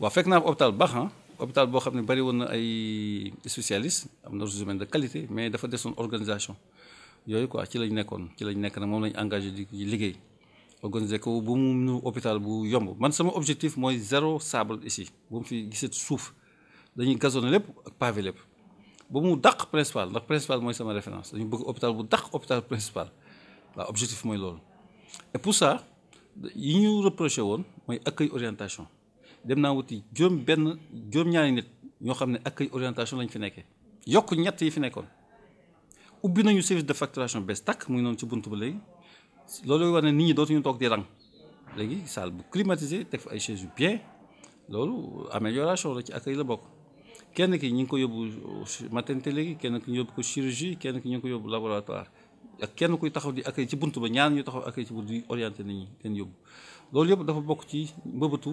waaw fekk naa hôpital baax ah. hôpital boo xam ne bari woon na ay spécialistes am na de qualité mais dafa desoon organisation yooyu quoi ci lañ nekkoon ci lañ nekk nag moom lañ engagé di liggéey organiser ko bu mu nu hôpital bu yomb man sama objectif mooy zéro sable ici bu mu fi gisee suuf dañuy gazonné lépp ak pavé lépp bu mu dàq principal ndax principal mooy sama référence dañu bëgg hôpital bu dàq hôpital principal waaw objectif mooy loolu et pour ça yi ñu reproché woon mooy accueil orientation dem naa wuti juróom benn juróom-ñaari nit ñoo xam ne accueil orientation lañ fi nekke yokk ñett yi fi nekkoon ubbi nañu service de facturation bes takk mu ngi noonu ci bunt ba léegi loolu war ne nit ñi dootuñu toog di rang léegi salle bu climatisé teg fa ay chaises yu bien loolu amélioration la ci accueil la bokk kenn ki ñu ngi ko yóbbu maternité léegi kenn ki ñu yóbbu ko chirurgie kenn ki ñu ngi ko yóbbu laboratoire ak kenn kuy taxaw di accueil ci bunt ba ñaar ñu taxaw accueil ci bunt di orienté nit ñi leen yóbbu loolu ci mbëbëtu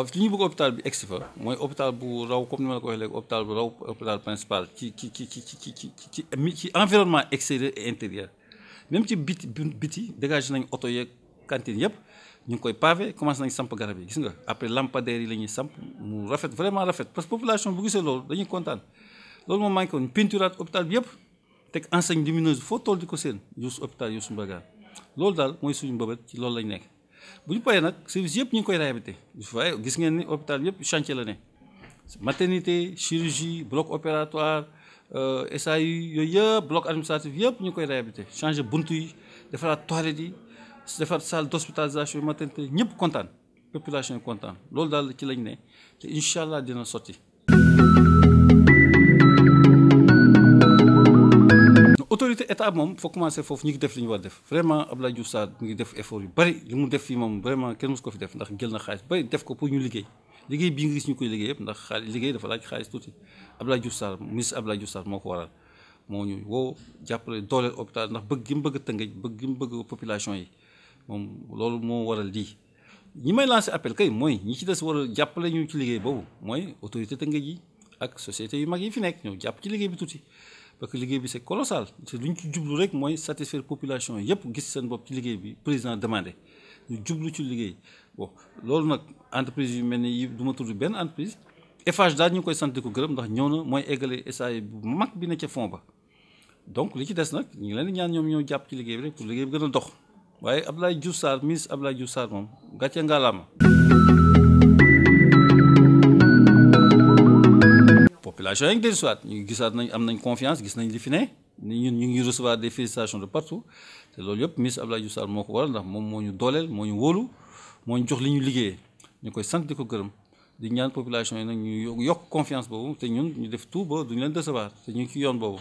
waaw fi ñu bëgg hôpital bi egsi fa mooy hôpital bu raw comme la ko waxee léegi hôpital bu raw hôpital principal ci ci ci ci ci ci ci ci environnement extérieur et intérieur même ci biti biti dégagé nañ oto yeeg cantine yëpp ñu ngi koy pavé commencé nañ samp garab yi gis nga après lampadaire yi la ñuy samp mu rafet vraiment rafet parce que population bu gisee loolu dañuy kontaan loolu moo manqué woon peinturaat hôpital bi yëpp teg enseigne lumineuse foo tool di ko seen Youssou hôpital Youssou Mbargane loolu daal mooy suñu mbëbët ci loolu lañ nekk bu ñu paree nag service yëpp ñu ngi koy réhabilité waaye gis ngeen ni hôpital yëpp chantier la ne maternité chirurgie bloc opératoire euh, SAU yooyu yëpp bloc administratif yëpp ñu koy réhabilité changer buntu yi defaraat toilette yi defar salle d' hospitalisation maternité ñëpp kontaan population yi kontaan loolu daal ci lañ ne te incha allah dina sotti. autorité état moom foo commencé foofu ñu ngi def li ñu war def vraiment Abdoulaye Diouf Sarr mu ngi def effort yu bëri li mu def fii moom vraiment kenn mosu ko fi def ndax jël na xaalis bëri def ko pour ñu liggéey liggéey bii nga gis ñu koy liggéey yëpp ndax xaalis liggéey dafa laaj xaalis tuuti Abdoulaye Diouf Sarr ministre Abdoulaye moo woo jàppale dooleel hôpital ndax bëgg mu bëgg Tëngéej bëgg gi mu bëgg population yi moom loolu moo war a lii ñi may lancé appel kay mooy ñi ci des war a jàppale ñu ci liggéey boobu mooy autorité Tëngéej yi ak société yu mag yi fi nekk ñëw jàpp ci liggéey bi tuuti parce que liggéey bi c'est colossal te lu ñu ci jublu rek mooy satisfaire population yépp gis seen bopp ci liggéey bi président demandé ñu jublu ci liggéey bon loolu nag entreprise yu mel ni yi du ma tudd benn entreprise Eiffage daal ñu koy sant di ko gërëm ndax ñëw na mooy eggale SAE bu mag bi na ca fond ba donc li ci des nag ñu leen ñaan ñoom ñoo jàpp ci liggéey bi rek pour liggéey bi gën a dox waaye Abdoulaye Diouf Sarr ministre Abdoulaye Diouf Sarr moom gàcce ngaalaama population yi dellu siwaat ñu gisaat am nañ confiance gis nañ li fi ne ñun ñu ngi recevoir des félicitations de partout te loolu yëpp ministre Abdoulaye Diouf Sarr moo ko waral ndax moom moo ñu dooleel moo ñu wóolu moo ñu jox li ñu liggéeyee ñu koy sant di ko gërëm di ñaan population yi nag ñu yokk confiance boobu te ñun ñu def tout ba duñu leen décevoir te ñu ngi ci yoon boobu